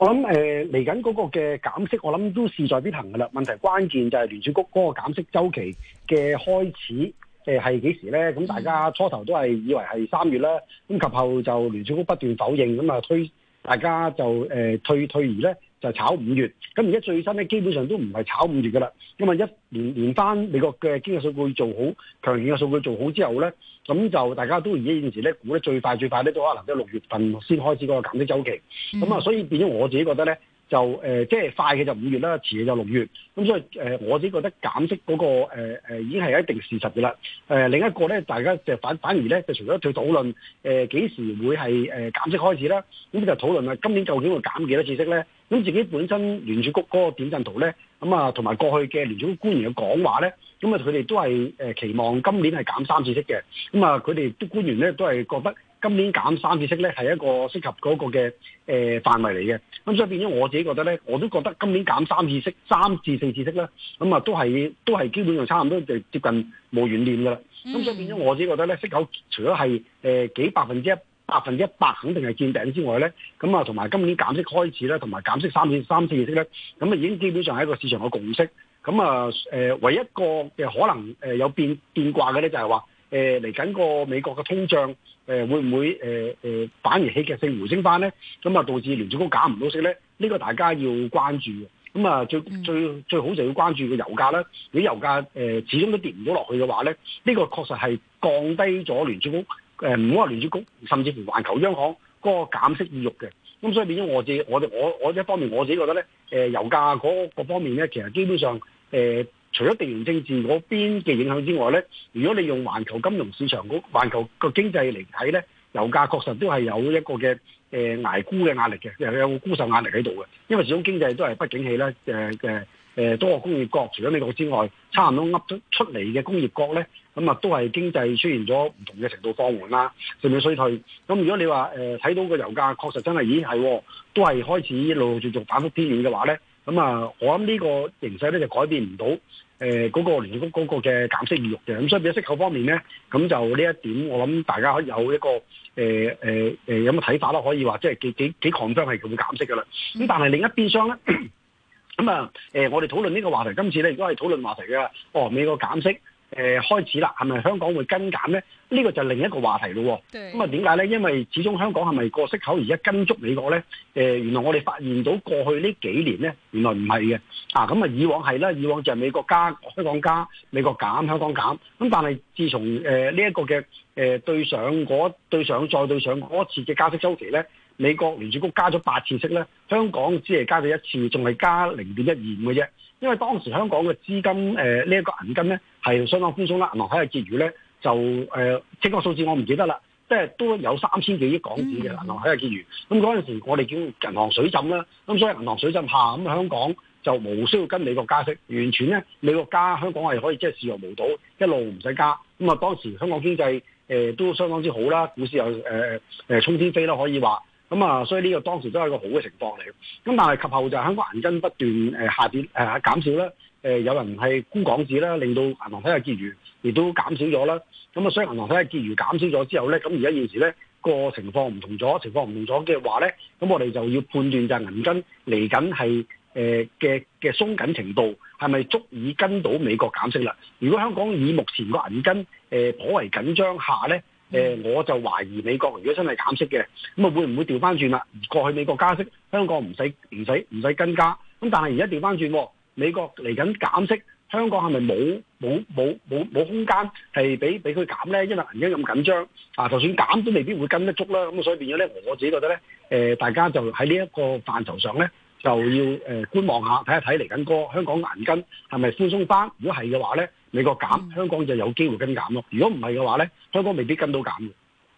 我諗誒嚟緊嗰個嘅減息，我諗都勢在必行噶啦。問題關鍵就係聯儲局嗰個減息周期嘅開始，誒係幾時咧？咁大家初頭都係以為係三月啦，咁及後就聯儲局不斷否認，咁啊推大家就誒、呃、退退而咧。就炒五月，咁而家最新咧，基本上都唔係炒五月噶啦。咁啊，一年連翻美國嘅經濟數據做好，強勁嘅數據做好之後咧，咁就大家都而家現時咧，估得最快最快咧都可能都係六月份先開始嗰個減息週期。咁啊、嗯，所以變咗我自己覺得咧。就誒、呃，即係快嘅就五月啦，遲嘅就六月。咁所以誒、呃，我自己覺得減息嗰、那個誒、呃、已經係一定事實嘅啦。誒、呃、另一個咧，大家就反反而咧，就除咗去討論誒幾時會係誒減息開始啦，咁就討論啦，今年究竟會減幾多次息咧？咁自己本身聯儲局嗰個點陣圖咧，咁啊同埋過去嘅聯儲官員嘅講話咧，咁啊佢哋都係、呃、期望今年係減三次息嘅。咁啊，佢哋啲官員咧都係覺得。今年減三次息咧，係一個適合嗰個嘅誒、呃、範圍嚟嘅。咁所以變咗我自己覺得咧，我都覺得今年減三次息、三至四次息咧，咁啊都係都係基本上差唔多，就接近冇懸念噶啦。咁所以變咗我自己覺得咧，息口除咗係、呃、幾百分之一、百分之一百，肯定係見頂之外咧，咁啊同埋今年減息開始咧，同埋減息三次、三次四次息咧，咁啊已經基本上係一個市場嘅共識。咁啊、呃、唯一一個嘅可能有變變卦嘅咧，就係話。誒嚟緊個美國嘅通脹，誒、呃、會唔會誒、呃、反而戲劇性回升翻咧？咁、嗯、啊導致聯儲局減唔到息咧？呢、這個大家要關注嘅。咁、嗯、啊、嗯、最最最好就要關注個油價啦。如果油價誒、呃、始終都跌唔到落去嘅話咧，呢、這個確實係降低咗聯儲局誒唔好話聯儲局，甚至乎環球央行嗰個減息意欲嘅。咁、嗯、所以變咗我自己我我我一方面我自己覺得咧，誒、呃、油價嗰、那個那個方面咧，其實基本上誒。呃除咗地緣政治嗰邊嘅影響之外咧，如果你用全球金融市場、g 球 o b a 個經濟嚟睇咧，油價確實都係有一個嘅誒捱沽嘅壓力嘅，又有沽售壓力喺度嘅。因為始終經濟都係不景氣啦，誒誒誒多個工業國，除咗美國之外，差唔多噏出出嚟嘅工業國咧，咁、嗯、啊、嗯、都係經濟出現咗唔同嘅程度放緩啦，甚至衰退。咁如果你話誒睇到個油價確實真係已經係、哦、都係開始一路持續反覆偏軟嘅話咧，咁啊，我諗呢個形勢咧就改變唔到，誒、呃、嗰、嗰個聯邦嗰個嘅減息預欲嘅，咁所以喺息口方面咧，咁就呢一點我諗大家可以有一個誒誒、呃呃呃、有個睇法啦，可以話即係幾幾幾擴張係會減息噶啦，咁但係另一邊廂咧，咁啊、呃、我哋討論呢個話題，今次咧都係討論話題嘅，哦美國減息。誒、呃，開始啦，係咪香港會跟減咧？呢、這個就係另一個話題咯、哦。咁啊對，點解咧？因為始終香港係咪個息口而家跟足美國咧？誒、呃，原來我哋發現到過去呢幾年咧，原來唔係嘅。啊，咁、嗯、啊，以往係啦，以往就係美國加香港加，美國減香港減。咁、嗯、但係，自從誒呢一個嘅誒、呃、對上嗰對上再對上嗰一次嘅加息周期咧，美國聯儲局加咗八次息咧，香港只係加咗一次，仲係加零點一二五嘅啫。因為當時香港嘅資金誒、呃這個、呢一個銀根咧。係相當寬鬆啦，銀行體系結餘咧就誒，即係個數字我唔記得啦，即、就、係、是、都有三千幾億港紙嘅銀行體系結餘。咁嗰陣時，我哋叫銀行水浸啦。咁所以銀行水浸下，咁香港就無需要跟美國加息，完全咧美國加香港係可以即係視若無睹，一路唔使加。咁啊，當時香港經濟誒、呃、都相當之好啦，股市又誒誒沖天飛啦，可以話。咁啊，所以呢個當時都係一個好嘅情況嚟。咁但係及後就香港銀根不斷下跌、呃呃、減少啦。誒、呃、有人係沽港紙啦，令到銀行體系結餘，亦都減少咗啦。咁、嗯、啊，所以銀行體系結餘減少咗之後咧，咁而家現時咧個情況唔同咗，情況唔同咗嘅話咧，咁我哋就要判斷就係銀根嚟緊係誒嘅嘅鬆緊程度係咪足以跟到美國減息啦？如果香港以目前個銀根誒、呃、頗為緊張下咧、呃，我就懷疑美國如果真係減息嘅，咁啊會唔會掉返轉啦？過去美國加息，香港唔使唔使唔使跟加，咁但係而家掉返轉喎。美國嚟緊減息，香港係咪冇冇冇冇冇空間係俾俾佢減咧？因為銀根咁緊張啊，就算減都未必會跟得足啦。咁所以變咗咧，我自己覺得咧、呃，大家就喺呢一個範疇上咧，就要誒觀望下，睇一睇嚟緊個香港銀根係咪寬鬆翻？如果係嘅話咧，美國減，香港就有機會跟減咯。如果唔係嘅話咧，香港未必跟到減。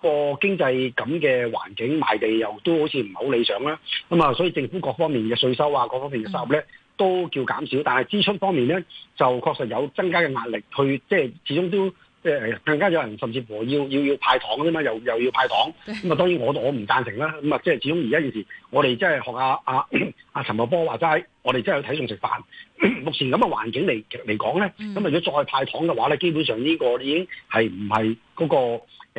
個經濟咁嘅環境，賣地又都好似唔係好理想啦，咁啊，所以政府各方面嘅稅收啊，各方面嘅收入咧都叫減少，但係支出方面咧就確實有增加嘅壓力，去即係始終都即、呃、更加有人甚至乎要要要派糖㗎嘛，又又要派糖，咁啊當然我我唔贊成啦，咁啊即係始終而家件事，我哋即係學下阿阿陳茂波話齋，我哋即係睇餸食飯。目前咁嘅環境嚟嚟講咧，咁如果再派糖嘅話咧，基本上呢個已經係唔係嗰個。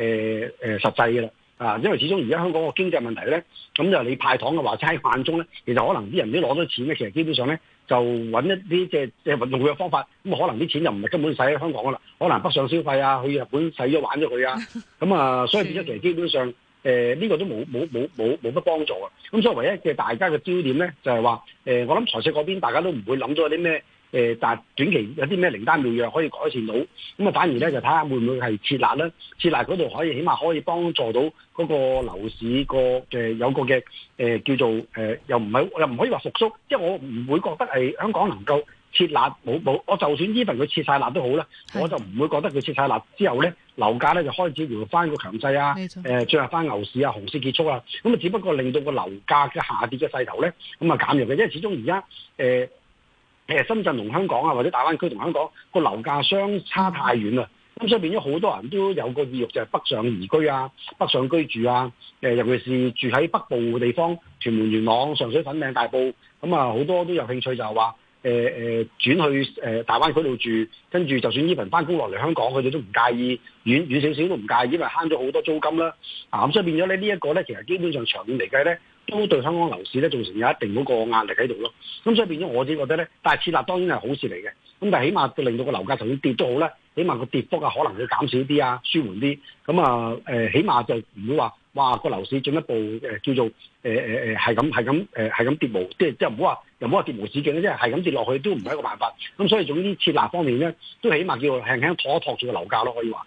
誒誒、呃呃，實際嘅啦，啊，因為始終而家香港個經濟問題咧，咁就你派糖嘅話，差萬中咧，其實可能啲人都攞咗錢咧，其實基本上咧就揾一啲即係即係用嘅方法，咁、嗯、可能啲錢就唔係根本使喺香港噶啦，可能北上消費啊，去日本使咗玩咗佢啊，咁啊，所以變咗其實基本上，誒、呃、呢、這個都冇冇冇冇冇乜幫助啊，咁、嗯、所以唯一嘅大家嘅焦點咧就係、是、話，誒、呃、我諗財政嗰邊大家都唔會諗咗啲咩。誒、呃，但短期有啲咩靈丹妙藥可以改善到，咁啊反而咧就睇下會唔會係撤辣咧？撤辣嗰度可以起碼可以幫助到嗰個樓市個有個嘅誒叫做誒、呃，又唔係又唔可以話復甦，因為我唔會覺得係香港能夠撤辣冇冇，我就算 even 佢撤晒辣都好啦，我就唔會覺得佢撤晒辣之後咧樓價咧就開始回翻個強勢啊，錯呃、最進返翻牛市啊，熊市結束啊，咁啊只不過令到個樓價嘅下跌嘅勢頭咧咁啊減弱嘅，因為始終而家誒深圳同香港啊，或者大灣區同香港個樓價相差太遠啦，咁所以變咗好多人都有個意欲就係、是、北上移居啊，北上居住啊，誒、呃、尤其是住喺北部的地方，屯門、元朗、上水、粉嶺、大埔，咁啊好多都有興趣就係話誒轉去、呃、大灣區度住，跟住就算依份返工落嚟香港，佢哋都唔介意遠遠少少都唔介意，因為慳咗好多租金啦。啊咁所以變咗呢一個咧，其實基本上長遠嚟計咧。都對香港樓市咧造成有一定嗰個壓力喺度咯，咁所以變咗我自己覺得咧，但係設立當然係好事嚟嘅，咁但係起碼令到個樓價就算跌都好咧，起碼個跌幅啊可能會減少啲啊，舒緩啲，咁啊誒起碼就唔好話哇個樓市進一步誒叫做誒誒誒係咁係咁誒係咁跌無，即係即係唔好話又唔好話跌無止境，即係係咁跌落去都唔係一個辦法，咁所以總之設立方面咧，都起碼叫輕輕托一托住個樓價咯，可以話。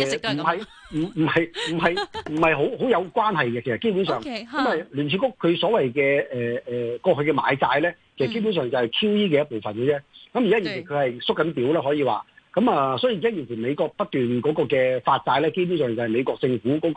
一唔係唔唔係唔係唔係好好有關係嘅。其實基本上，okay, 因為聯儲局佢所謂嘅誒誒過去嘅買債咧，其實基本上就係 QE 嘅一部分嘅啫。咁、嗯、而家而家佢係縮緊表啦，可以話。咁、嗯、啊，所以而家完全美國不斷嗰個嘅發債咧，基本上就係美國政府嗰、嗰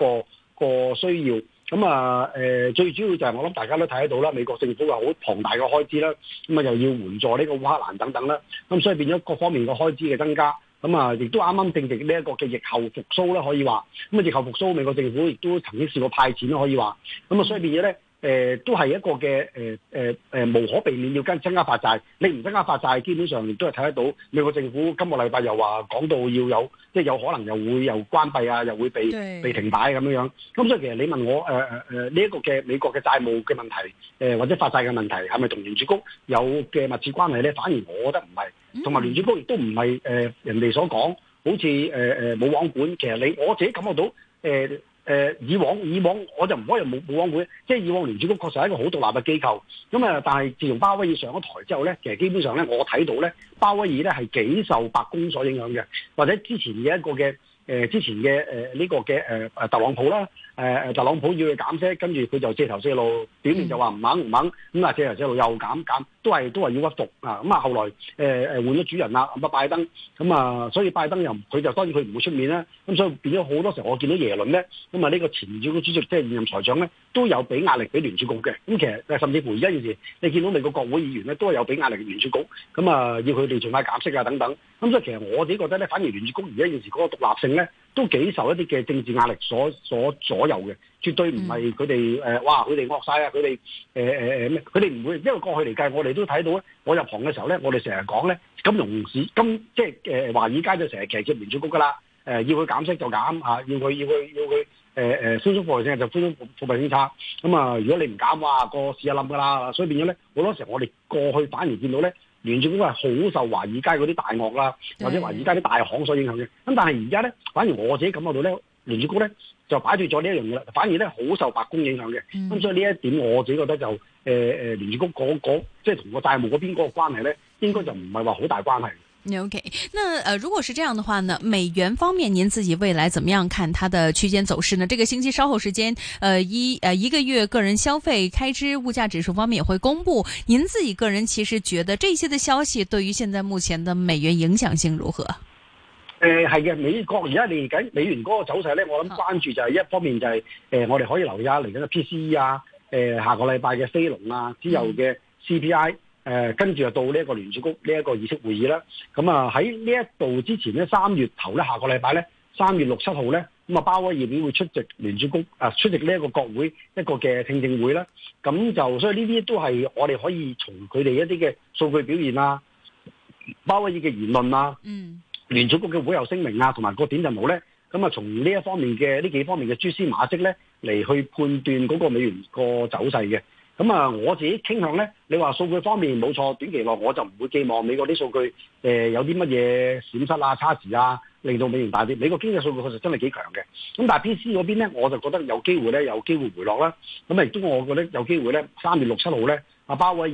個嗰個需要。咁、嗯、啊、呃、最主要就係、是、我諗大家都睇得到啦，美國政府話好龐大嘅開支啦，咁啊又要援助呢個烏克蘭等等啦，咁所以變咗各方面嘅開支嘅增加。咁啊，亦、嗯、都啱啱正值呢一個嘅疫後復甦啦。可以話咁啊，疫後復甦，美國政府亦都曾經試過派錢啦。可以話咁啊，所以變咗咧。嗯嗯嗯誒都係一個嘅誒誒誒無可避免要跟增加發債，你唔增加發債，基本上都係睇得到美國政府今個禮拜又話講到要有，即係有可能又會又關閉啊，又會被被停擺咁樣樣。咁所以其實你問我誒誒誒呢一個嘅美國嘅債務嘅問題，誒或者發債嘅問題係咪同聯儲局有嘅密切關係咧？反而我覺得唔係，同埋聯儲局亦都唔係誒人哋所講，好似誒誒冇王管。其實你我自己感覺到誒。誒、呃、以往以往我就唔可以冇冇講會，即、就、係、是、以往聯儲局確實係一個好獨立嘅機構。咁啊，但係自從鮑威爾上咗台之後咧，其實基本上咧，我睇到咧，鮑威爾咧係幾受白宮所影響嘅，或者之前嘅一個嘅誒、呃，之前嘅誒呢個嘅誒誒特朗普啦。誒誒，特朗普要佢減息，跟住佢就借頭借路，表面就話唔肯唔肯，咁啊借頭借路又減減，都係都係要屈服啊！咁啊，後來誒誒、呃、換咗主人啦，咁啊拜登，咁啊所以拜登又佢就當然佢唔會出面啦，咁、啊、所以變咗好多時候我見到耶倫咧，咁啊呢個前聯儲主席即係、就是、現任財長咧都有俾壓力俾聯儲局嘅，咁其實甚至乎而家現時，你見到美國國會議員咧都係有俾壓力聯儲局，咁啊要佢哋盡快減息啊等等，咁所以其實我自己覺得咧，反而聯儲局而家現時嗰個獨立性咧。都幾受一啲嘅政治壓力所所左右嘅，絕對唔係佢哋嘩，哇！佢哋惡晒啊！佢哋咩？佢哋唔會，因為過去嚟計，我哋都睇到咧。我入行嘅時候咧，我哋成日講咧，金融市金即係誒、呃、華爾街就成日騎住聯儲局噶啦。要佢減息就減啊，要佢要佢要佢誒誒寬鬆貨幣政策就寬鬆貨幣政策。咁、嗯、啊，如果你唔減哇，個市就冧噶啦。所以變咗咧，好多時候我哋過去反而見到咧。聯儲局係好受華爾街嗰啲大鱷啦、啊，或者華爾街啲大行所影響嘅。咁但係而家咧，反而我自己感覺到咧，聯儲局咧就擺脫咗呢一樣嘢啦。反而咧好受白宮影響嘅。咁、嗯嗯、所以呢一點我自己覺得就誒誒聯儲局嗰個即係同個債務嗰邊嗰個關係咧，應該就唔係話好大關係。o、okay. k 那，呃，如果是這樣的話呢，美元方面，您自己未來怎麼樣看它的區間走勢呢？這個星期稍後時間，呃，一，呃，一個月個人消費開支、物價指數方面也會公布。您自己個人其實覺得這些的消息對於現在目前的美元影響性如何？誒、呃，係嘅，美國而家嚟緊美元嗰個走勢呢，我諗關注就係一方面就係、是，誒、啊呃，我哋可以留意下嚟緊嘅 PCE 啊，誒、呃，下個禮拜嘅非農啊，之後嘅 CPI、嗯。誒跟住就到呢一個聯儲局呢一個議息會議啦，咁啊喺呢一度之前咧，三月頭咧，下個禮拜咧，三月六七號咧，咁啊，鮑威爾會出席聯儲局啊、呃、出席呢一個國會一個嘅聽證會啦，咁就所以呢啲都係我哋可以從佢哋一啲嘅數據表現啊，鮑威爾嘅言論啊，嗯聯啊，嗯，聯儲局嘅會後聲明啊，同埋個點陣圖咧，咁啊，從呢一方面嘅呢幾方面嘅蛛絲馬跡咧，嚟去判斷嗰個美元個走勢嘅。咁啊，我自己傾向咧，你話數據方面冇錯，短期內我就唔會寄望美國啲數據誒、呃、有啲乜嘢損失啊、差池啊，令到美元大跌。美國經濟數據確實真係幾強嘅。咁但係 P C 嗰邊咧，我就覺得有機會咧，有機會回落啦。咁亦都我覺得有機會咧，三月六七號咧，阿鮑威爾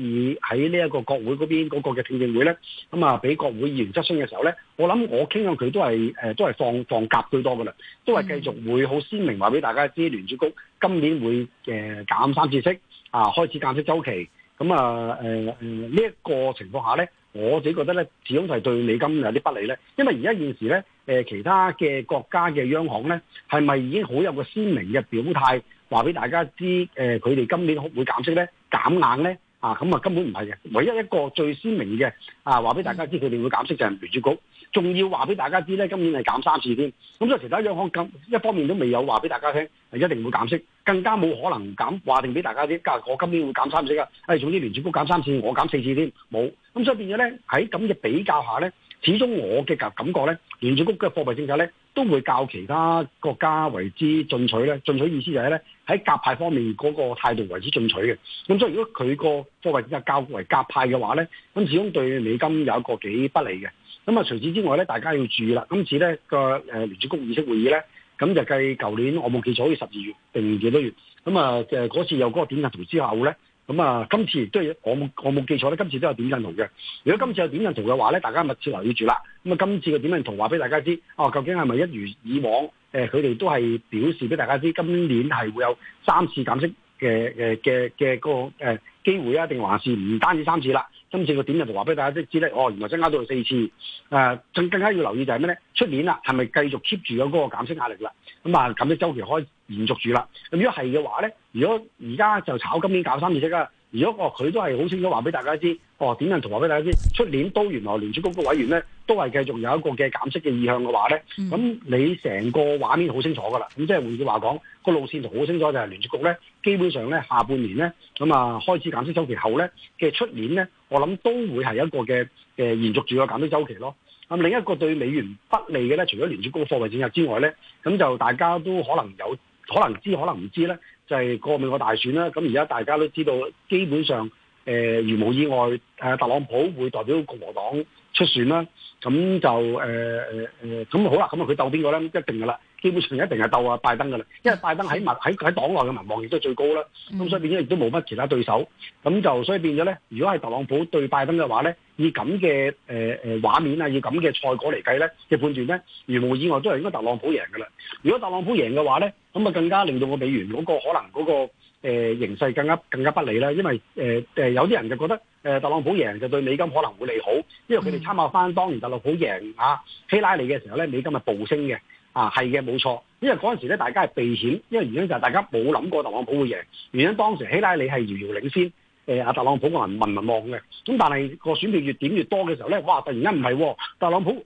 喺呢一個國會嗰邊嗰個嘅聽證會咧，咁啊，俾國會議員質詢嘅時候咧，我諗我傾向佢都係誒、呃，都係放放鴿居多噶啦，都係繼續會好鮮明話俾大家知聯儲局今年會誒、呃、減三次息。啊，開始減息周期，咁、嗯、啊，誒誒呢一個情況下咧，我自己覺得咧，始終係對美金有啲不利咧，因為而家現時咧，誒其他嘅國家嘅央行咧，係咪已經好有個鮮明嘅表態，話俾大家知，誒佢哋今年會減息咧、減硬咧？啊，咁、嗯、啊，根本唔係嘅，唯一一個最鮮明嘅啊，話俾大家知佢哋會減息就係聯儲局，仲要話俾大家知咧，今年係減三次添，咁、嗯、所以其他央行咁一方面都未有話俾大家聽，係一定會減息。更加冇可能減話定俾大家啲，家我今年會減三次㗎，誒總之聯儲局減三次，我減四次添，冇。咁所以變咗咧，喺咁嘅比較下咧，始終我嘅感覺咧，聯儲局嘅貨幣政策咧，都會較其他國家為之進取咧。進取意思就係咧，喺夾派方面嗰個態度為之進取嘅。咁所以如果佢個貨幣政策較為夾派嘅話咧，咁始終對美金有一個幾不利嘅。咁啊，除此之外咧，大家要注意啦。今次咧個誒聯儲局議息會議咧。咁就計舊年我冇記錯，好似十二月定幾多月？咁啊，誒嗰次有嗰個點陣圖之後咧，咁啊，今次都係我冇我冇記錯咧，今次都有點陣圖嘅。如果今次有點陣圖嘅話咧，大家密切留意住啦。咁啊，今次嘅點陣圖話俾大家知，哦、啊，究竟係咪一如以往？佢、呃、哋都係表示俾大家知，今年係會有三次減息嘅嘅嘅嘅個誒、呃、機會啊，定還是唔單止三次啦？今次個點就話俾大家即知咧，哦，原來增加到四次，誒、呃，更更加要留意就係咩咧？出年啦係咪繼續 keep 住嗰個減息壓力啦？咁啊，咁啲周期可以延續住啦。咁如果係嘅話咧，如果而家就炒今年搞三二息啦。如果哦佢都係好清楚話俾大家知，哦點樣同話俾大家知，出年都原來聯儲局嘅委員咧都係繼續有一個嘅減息嘅意向嘅話咧，咁、嗯、你成個畫面好清楚噶啦，咁即係換句話講，個路線圖好清楚就係、是、聯儲局咧，基本上咧下半年咧，咁啊開始減息周期後咧嘅出年咧，我諗都會係一個嘅嘅、呃、延續住個減息周期咯。咁另一個對美元不利嘅咧，除咗聯儲局貨幣政策之外咧，咁就大家都可能有可能知，可能唔知咧。就係個美國大選啦，咁而家大家都知道，基本上誒、呃、如無意外，誒特朗普會代表共和黨。出選啦，啊，咁就誒誒咁好啦，咁啊佢鬥邊個咧？一定噶啦，基本上一定係鬥啊拜登噶啦，因為拜登喺民喺喺黨內嘅民望亦都係最高啦，咁所以變咗亦都冇乜其他對手，咁就所以變咗咧，如果係特朗普對拜登嘅話咧，以咁嘅誒畫面啊，以咁嘅賽果嚟計咧，嘅判斷咧，如無意外都係應該特朗普贏噶啦。如果特朗普贏嘅話咧，咁啊更加令到個美元嗰個可能嗰、嗰個。誒形勢更加更加不利啦，因為誒、呃、有啲人就覺得誒特朗普贏就對美金可能會利好，因為佢哋參考翻當年特朗普贏啊希拉里嘅時候咧，美金係暴升嘅啊，係嘅冇錯，因為嗰陣時咧大家係避險，因為原因就係大家冇諗過特朗普會贏，原因當時希拉里係遙遙領先，誒、呃、特朗普個民民望嘅，咁但係個選票越點越多嘅時候咧，哇突然間唔係特朗普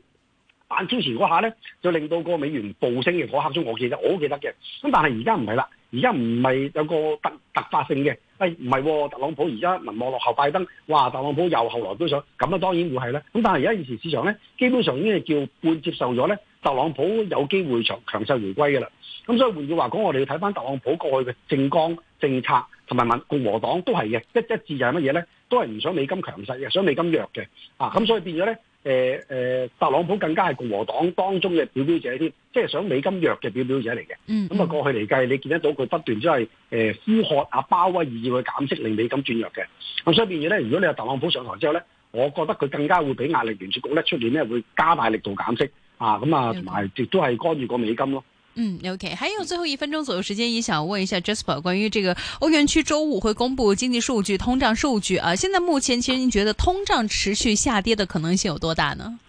反超前嗰下咧，就令到個美元暴升嘅嗰刻鐘我記得，我都記得嘅，咁但係而家唔係啦。而家唔係有個突突發性嘅，誒唔係特朗普而家民望落後拜登，哇特朗普又後來居上，咁啊當然會係啦。咁但係而家現時市場咧，基本上已經係叫半接受咗咧，特朗普有機會強強勢回歸嘅啦。咁所以換句話講，我哋要睇翻特朗普過去嘅政綱政策，同埋民共和黨都係嘅，一一致就係乜嘢咧？都係唔想美金強勢嘅，想美金弱嘅啊！咁所以變咗咧。誒誒、呃，特朗普更加係共和黨當中嘅表表者添，即係想美金弱嘅表表者嚟嘅、嗯。嗯，咁啊，過去嚟計，你見得到佢不斷即係誒呼喝啊，鮑威爾去減息，令美金轉弱嘅。咁所以變咗咧，如果你有特朗普上台之後咧，我覺得佢更加會俾壓力，聯儲局咧出面咧會加大力度減息啊，咁啊，同埋亦都係干預過美金咯。嗯，OK，還有最後一分鐘左右時間，也想問一下 Jasper，關於這個歐元區周五會公布經濟數據、通脹數據啊，現在目前其實你覺得通脹持續下跌的可能性有多大呢？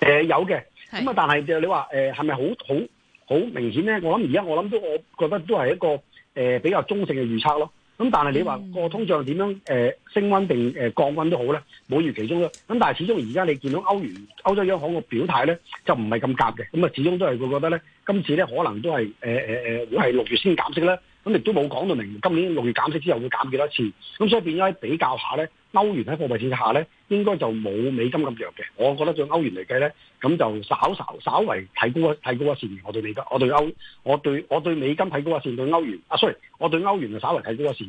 誒、呃、有嘅，咁啊但係就你話誒係咪好好好明顯咧？我諗而家我諗都我覺得都係一個誒、呃、比較中性嘅預測咯。咁、嗯、但係你話個通脹點樣？誒升溫定降溫都好咧，每月其中咧。咁但係始終而家你見到歐元歐洲央行個表態咧，就唔係咁夾嘅。咁啊，始終都係會覺得咧，今次咧可能都係誒、呃呃、會係六月先減息呢，咁亦都冇講到明今年六月減息之後會減幾多次。咁所以變咗比較下咧。歐元喺貨幣之下咧，應該就冇美金咁弱嘅。我覺得就歐元嚟計咧，咁就稍稍稍為提高一提高一線。我對美金，我對歐，我對我對美金提高一線，對歐元。啊，sorry，我對歐元就稍為提高一線。